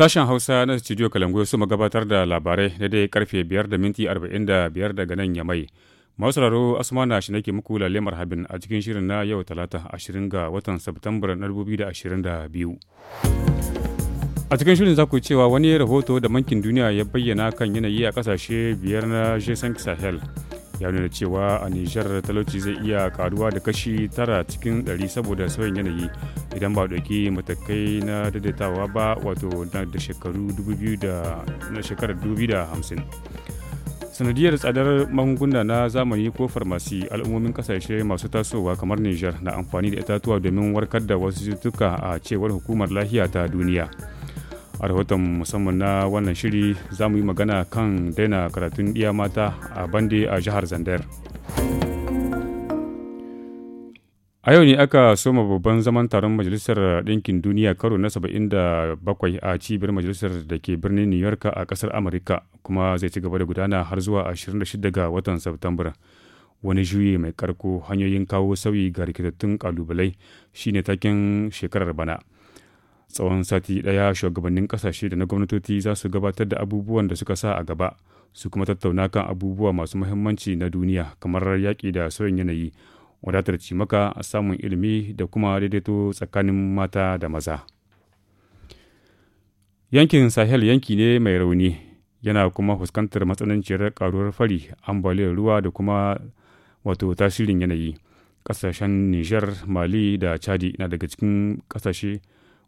Sashen Hausa na Studio kalangu su magabatar da labarai dai karfe 5 da minti 45 daga nan Yamai. Masararo Asmana shi nake muku lalle habin a cikin shirin na yau talata ashirin ga watan Satumbar 2022. A cikin shirin za ku cewa wani rahoto da bankin duniya ya bayyana kan yanayi a kasashe biyar na Jason Sahel. ya nuna cewa a nishar talauci zai iya karuwa da kashi tara cikin ɗari saboda sauyin yanayi idan ba ɗauki matakai na daidaitawa ba wato da shekaru na sanadiyar tsadar magunguna na zamani ko farmasi al'ummomin kasashe masu tasowa kamar niger na amfani da itatuwa domin warkar da wasu cututtuka a cewar hukumar lahiya ta duniya a rahoton musamman na wannan shiri za mu yi magana kan daina karatun iya mata a bande a jihar zandar a yau ne aka soma babban zaman taron majalisar ɗinkin duniya karo na 77 a cibiyar majalisar da ke birnin new york a ƙasar amurka kuma zai ci gaba da gudana har zuwa 26 ga watan september wani juyi mai karko hanyoyin kawo sauyi ga rikitattun kalubalai shine taken shekarar bana. tsawon sati daya shugabannin kasashe da na gwamnatoci za su gabatar da abubuwan da suka sa a gaba su kuma tattauna kan abubuwa masu muhimmanci na duniya kamar yaƙi da sauyin yanayi wadatar cimaka a samun ilimi da kuma daidaito tsakanin mata da maza yankin sahel yanki ne mai rauni yana kuma fuskantar matsananciyar karuwar fari ambaliyar ruwa da kuma wato tasirin yanayi ƙasashen niger mali da chadi na daga cikin ƙasashe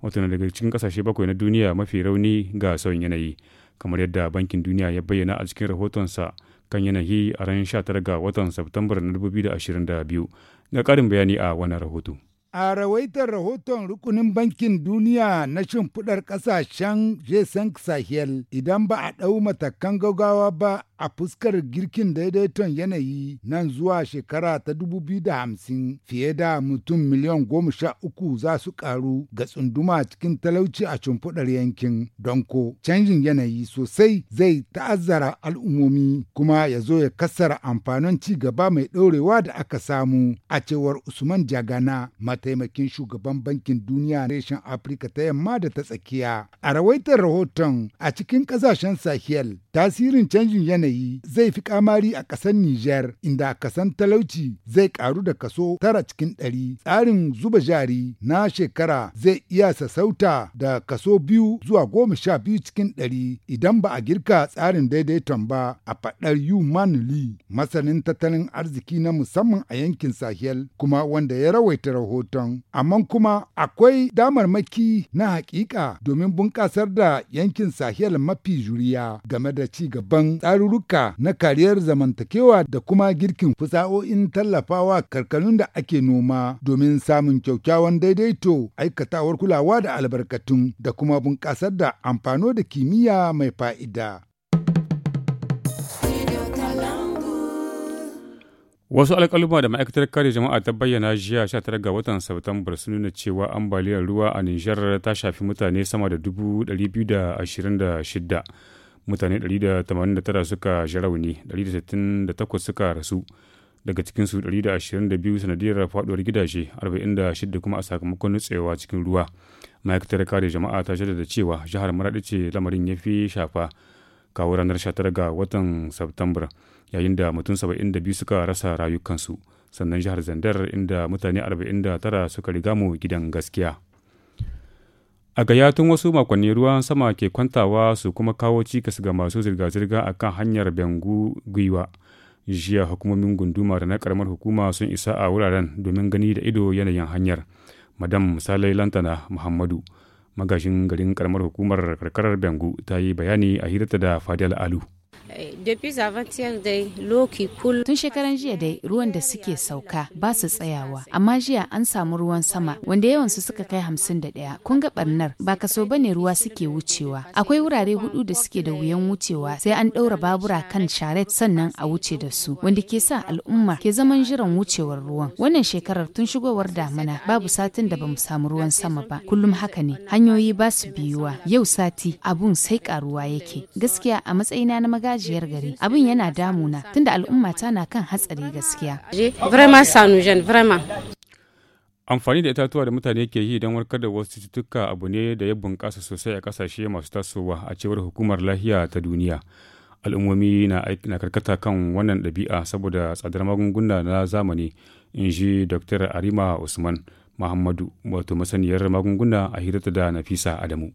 wato na daga cikin kasashe bakwai na duniya mafi rauni ga sauyin yanayi kamar yadda bankin duniya ya bayyana a cikin rahotonsa kan yanayi a ranar 19 ga watan Satumbar na 2022 ga karin bayani a wannan rahoto. A rawaitar rahoton rukunin bankin duniya na shimfiɗar ƙasashen Jason Sahel idan ba a ɗau matakan gaggawa ba a fuskar girkin daidaiton yanayi nan zuwa shekara ta 2050 fiye da mutum miliyan goma sha uku za su ƙaru ga tsunduma cikin talauci a shimfiɗar yankin don ko canjin yanayi sosai zai ta'azzara al'ummomi kuma ya zo ya kassara amfanin ci gaba mai ɗorewa da aka samu a cewar Usman Jagana mataimakin shugaban bankin duniya reshen Afirka ta yamma da ta tsakiya. A rawaitar rahoton a cikin ƙasashen Sahel tasirin canjin yanayi zai fi kamari a ƙasar Nijar inda kasan talauci zai ƙaru da kaso tara cikin ɗari. Tsarin zuba jari na shekara zai iya sassauta da kaso biyu zuwa goma sha biyu cikin ɗari idan ba a girka tsarin daidaiton ba a faɗar Yuman Lee masanin tattalin arziki na musamman a yankin Sahel kuma wanda ya rawaita rahoton. Washington. amma kuma akwai damarmaki na hakika domin bunƙasar da yankin Sahel mafi juriya game da ci gaban tsarurruka na kariyar zamantakewa da kuma girkin fasa'o'in tallafawa karkarun da ake noma domin samun kyaukyawan daidaito aikatawar kulawa da albarkatun da kuma bunƙasar da amfano da kimiyya mai fa'ida. Wasu alkaluma da ma'aikatar kare jama'a ta bayyana jiya 19 ga watan Satumbar sun nuna cewa ambaliyar ruwa a Nijar ta shafi mutane sama da 226. Mutane 189 suka ji rauni, 168 suka rasu. Daga cikinsu 122 sanadiyar faduwar gidaje, 46 kuma a sakamakon nutsewa cikin ruwa. Ma'aikatar kare jama'a ta shaida da cewa jihar Maraɗi ce lamarin ya fi shafa. kawo ranar 19 ga watan Satumbar yayin da mutum 72 suka rasa rayukansu sannan jihar Zandar inda mutane 49 suka riga mu gidan gaskiya. A gaya wasu makonni ruwan sama ke kwantawa su kuma kawo cikas ga masu zirga-zirga a kan hanyar Bengu Gwiwa. Jiya hukumomin gunduma da na karamar hukuma sun isa a wuraren domin gani da ido yanayin hanyar. Madam Salai Lantana Muhammadu magashin garin karamar hukumar karkarar bengu ta yi bayani a hirarta da fadel alu Eh, tun shekaran jiya dai ruwan da suke sauka ba su tsayawa, amma jiya an samu ruwan sama wanda yawansu suka kai hamsin da ɗaya. Kun ga ɓarnar ba kaso bane ruwa suke wucewa. Akwai wurare hudu da suke da wuyan wucewa sai an ɗaura babura kan sharet sannan a wuce da su wanda ke sa al'umma ke zaman jiran wucewar ruwan. Wannan shekarar tun shigowar damina. babu satin da bamu samu ruwan sama ba. Kullum haka ne hanyoyi ba su biyuwa. Yau sati abun sai karuwa yake. Gaskiya a matsayina na magaji magajiyar gari abin yana damuna tunda al'umma na kan hatsari gaskiya amfani da itatuwa da mutane ke yi don warkar da wasu cututtuka abu ne da ya bunƙasa sosai a ƙasashe masu tasowa a cewar hukumar lahiya ta duniya al'ummomi na karkata kan wannan ɗabi'a saboda tsadar magunguna na zamani in ji dr arima usman muhammadu wato masaniyar magunguna a hirarta da nafisa adamu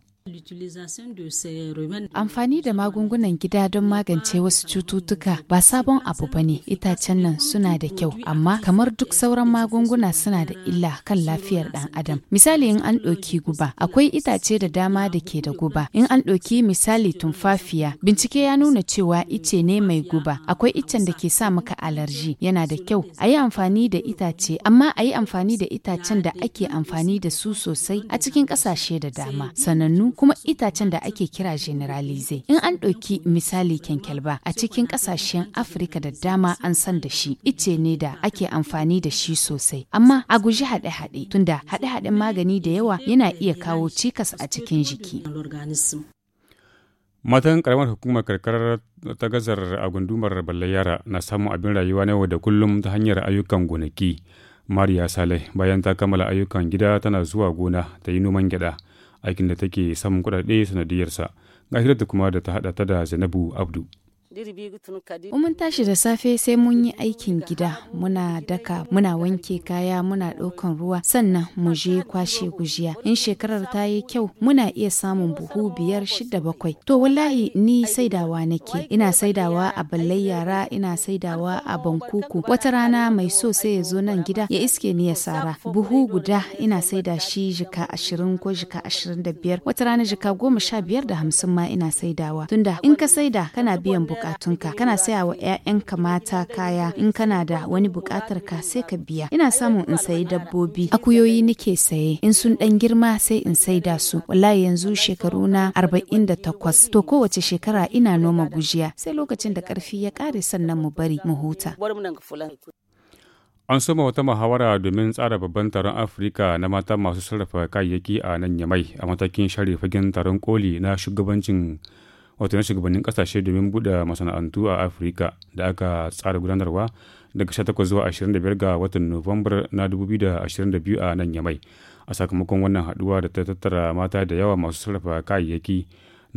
Amfani da magungunan gida don magance wasu cututtuka ba sabon abu ba ne itacen nan suna da kyau amma kamar duk sauran magunguna suna da illa kan lafiyar ɗan adam. Misali in an ɗauki guba akwai itace da dama da ke da guba in an ɗauki misali tumfafiya bincike ya nuna cewa ice ne mai guba akwai icen da ke sa maka alarji yana da kyau a yi amfani da itace amma a yi amfani da itacen da ake amfani da su sosai a cikin ƙasashe da dama sanannu kuma itacen da ake kira generalize. In an ɗauki misali kyankyalba a cikin ƙasashen Afirka da dama an san da shi, ice ne da ake amfani da shi sosai. Amma a guji haɗe-haɗe tunda haɗe-haɗen magani da yawa yana iya kawo cikas a cikin jiki. Matan karamar hukumar karkarar ta gazar a gundumar yara na samun abin rayuwa na yau da kullum ta hanyar ayyukan gonaki. Mariya Saleh bayan ta kammala ayyukan gida tana zuwa gona ta yi noman gyada. aikin da take samun kudade sanadiyarsa ga kuma da ta hada ta da zainabu abdu mun tashi da safe sai mun yi aikin gida muna daka muna wanke kaya muna ɗaukan ruwa sannan mu je kwashe gujiya in shekarar ta yi kyau muna iya samun buhu biyar shida bakwai to wallahi ni saidawa nake ina saidawa a ballai yara ina saidawa a bankuku wata rana mai so sai ya zo nan gida ya iske ni ya sara buhu guda ina saida shi jika ashirin ko jika ashirin da biyar wata rana jika goma sha biyar da hamsin ma ina saidawa tunda in ka saida kana biyan buhu bukatunka kana saya wa 'ya'yanka mata kaya in kana da wani bukatar ka sai ka biya ina samun in sayi dabbobi akuyoyi nike saye in sun dan girma sai in saida su wallahi yanzu shekaru na arba'in da takwas to kowace shekara ina noma gujiya sai lokacin da karfi ya kare sannan mu bari mu huta an soma wata muhawara domin tsara babban taron afirka na mata masu sarrafa kayayyaki a nan yamai a matakin share fagen taron koli na shugabancin wato na shugabannin kasashe domin buɗe masana'antu a afirka da aka tsara gudanarwa daga 18 zuwa 25 ga watan nuwambar na 2022 a nan yamai a sakamakon wannan haduwa da ta tattara mata da yawa masu sarrafa kayayyaki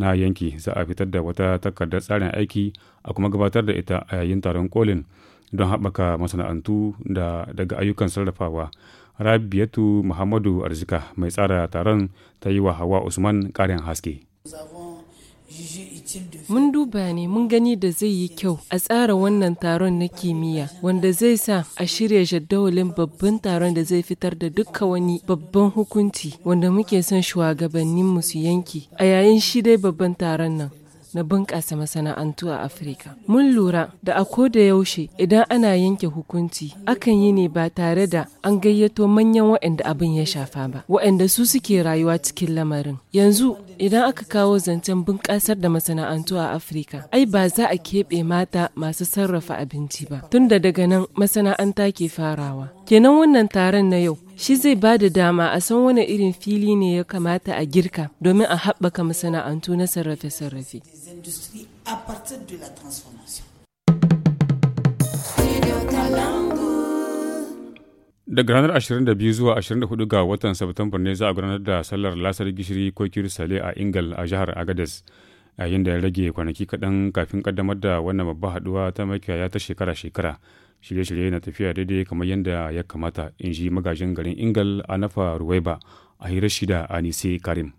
na yanki za a fitar da wata takardar tsarin aiki a kuma gabatar da ita a yayin taron kolin don haɓaka masana'antu da daga ayyukan sarrafawa rabiatu muhammadu arzika mai tsara taron ta yi wa hawa usman ƙarin haske Mun duba ne mun gani da zai yi kyau a tsara wannan taron na kimiyya wanda zai sa a shirya jadawalin babban taron da zai fitar da dukka wani babban hukunci wanda muke son shugabanninmu su yanki a yayin shi dai babban taron nan. na bunƙasa masana'antu a Afirka. Mun lura da a da yaushe idan ana yanke hukunci akan yi ne ba tare da an gayyato manyan waɗanda abin ya shafa ba, waɗanda su suke rayuwa cikin lamarin. Yanzu idan aka kawo zancen bunƙasar da masana'antu a Afirka, ai ba za a keɓe mata masu sarrafa abinci ba, tunda daga nan masana'anta ke farawa. Kenan wannan taron na yau shi zai ba da dama a san wani irin fili ne ya kamata a girka domin a haɓaka masana'antu na sarrafe-sarrafe. industries à partir de la transformation. daga ranar 22 zuwa 24 ga watan Satumbar ne za a gudanar da sallar lasar gishiri ko kirisale a Ingal a jihar Agadez yayin da ya rage kwanaki kaɗan kafin kaddamar da wannan babba haɗuwa ta makiyaya ta shekara-shekara shirye-shirye na tafiya daidai kamar yadda ya kamata in ji magajin garin Ingal a nafa Ruwaiba a hira shida nise Karim.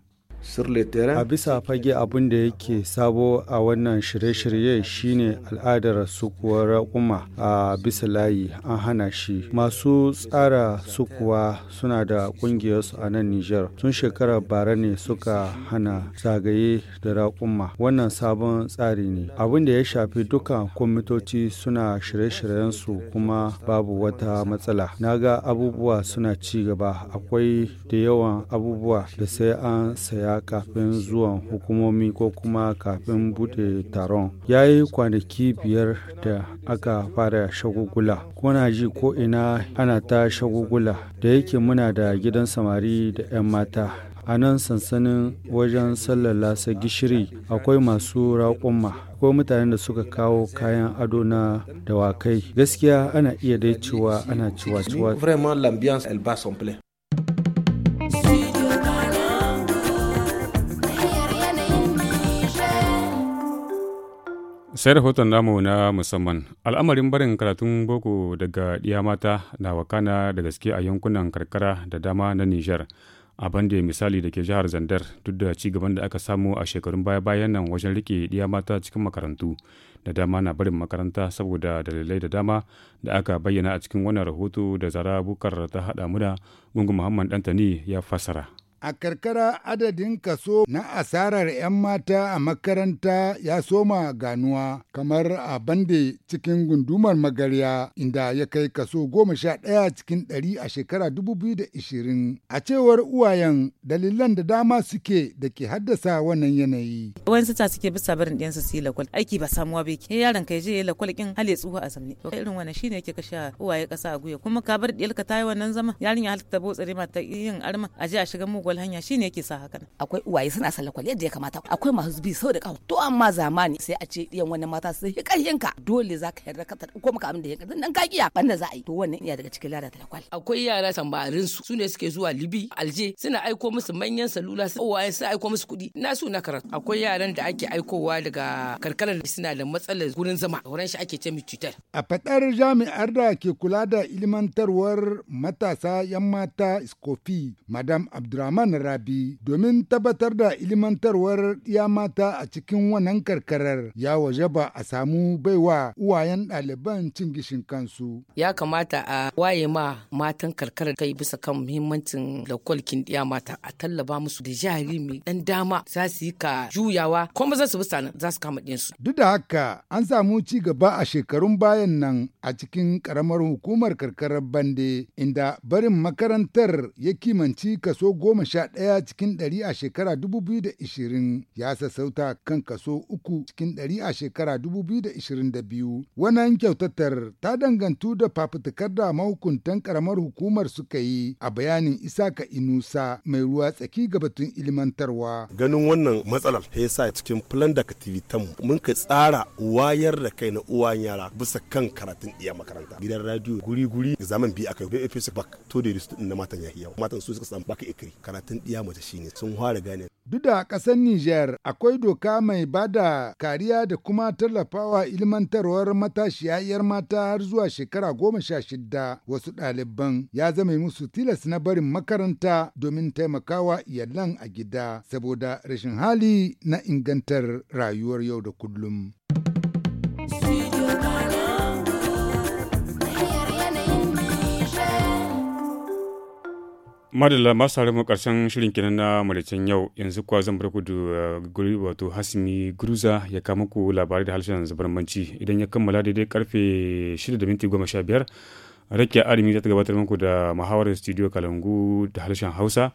A bisa fage abin da yake sabo a wannan shirye-shirye shine al'adar sukuwar raƙuma a bisa layi an hana shi. Masu tsara sukuwa suna da ƙungiyarsu a nan Nijar. Tun shekara bara ne suka hana zagaye da raƙuma. Wannan sabon tsari ne. Abin da ya shafi dukkan kwamitoci suna shirye shiryen su kuma babu wata matsala. Na ga abubuwa suna ci gaba akwai da yawan abubuwa da sai an saya kafin zuwan hukumomi ko kuma kafin buɗe taron ya yi kwanaki biyar da aka fara shagugula kuna ji ko ina ana ta shagugula da yake muna da gidan samari da 'yan mata a nan sansanin wajen sallar lasa gishiri akwai masu raƙumma akwai mutanen da suka kawo kayan ado na dawakai gaskiya ana iya dai cewa ana cewa cewa sai rahoton namu na musamman al'amarin barin karatun boko daga ɗiya mata na wakana da gaske a yankunan karkara da dama na nijar a bande misali da ke jihar zandar duk da ci gaban da aka samu a shekarun baya-bayan nan wajen rike ɗiya mata cikin makarantu da dama na barin makaranta saboda dalilai da dama da aka bayyana a cikin wannan rahoto da zara bukar ta haɗa muna gungun muhammad dantani ya fassara A karkara adadin kaso na asarar 'yan mata a makaranta ya soma ganuwa kamar a bande cikin gundumar magarya inda ya kai kaso goma sha ɗaya cikin ɗari a shekara 2020. A cewar uwayen dalilan da dama suke da ke haddasa wannan yanayi. Wani sata suke bisa barin ɗiyansu su yi lakwal aiki ba samuwa bai ke yaron kai je ya lakwal kin hale tsuwa a zamne. To irin wannan shine yake kashe uwaye ƙasa a guya kuma ka bar ɗiyarka ta yi wannan zama yarinya halitta ta botsare ma ta yin arma a je a shiga mugu sabuwar hanya shine yake sa hakan akwai uwaye suna sallakwal yadda ya kamata akwai masu bi sau da kawo to amma zamani sai a ce yan wannan mata su yi karhin ka dole za ka yarda ka ko maka abin da ya karhin nan ka kiya da za a yi to wannan iya daga cikin lalata lakwal akwai yara tambarin su su ne suke zuwa libi alje suna aiko musu manyan salula su uwaye suna aiko musu kuɗi na su na karatu akwai yaran da ake aikowa daga karkarar suna da matsalar gurin zama wurin shi ake ce cutar a fadar jami'ar da ke kula da ilmantarwar matasa yan mata iskofi madam abdurrahman Usman Rabi domin tabbatar da ilimantarwar ya mata a cikin wannan karkarar ya waje ba a samu baiwa uwayen ɗaliban cin gishin kansu. Ya kamata a waye ma matan karkarar kai bisa kan muhimmancin lakwalkin ɗiya mata a tallaba musu da jari mai ɗan dama za su yi ka juyawa kuma za su bisa za su kama ɗinsu. Duk da haka an samu ci gaba a shekarun bayan nan a cikin karamar hukumar karkarar Bande inda barin makarantar ya kimanci kaso goma sha cikin ɗari a shekara 2020 ya sassauta kan kaso uku cikin ɗari a shekara 2022. Wannan kyautattar ta dangantu da fafutukar da mahukuntan ƙaramar hukumar suka yi a bayanin Isaka Inusa mai ruwa tsaki ga batun ilmantarwa. Ganin wannan matsalar ya sa cikin plan da mu mun ka tsara wayar da kai na uwan yara bisa kan karatun iya makaranta. Gidan radio guri-guri zaman biyu akai BFS bak to da na matan yahiyawa matan su suka samu baka ikiri karatun ɗiya mace shine sun fara gane. Duk da ƙasar Nijar akwai doka mai ba da kariya da kuma tallafawa ilmantarwar matashiya 'yar mata har zuwa shekara goma sha shida wasu ɗaliban ya zama musu tilas na barin makaranta domin taimakawa iyalan a gida saboda rashin hali na ingantar rayuwar yau da kullum. madalla masu tare mu karshen shirin kenan na malicin yau yanzu kuwa zan bar ku da uh, guri wato hasimi guruza ya kama muku labarai da harshen manci idan ya kammala daidai karfe 6:15 rakiya arimi za ta gabatar muku da muhawarar studio kalangu da harshen hausa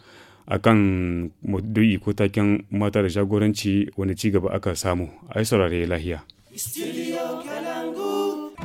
a kan madu'i ko taken mata da jagoranci wani ci gaba aka samu a yi saurare lahiya.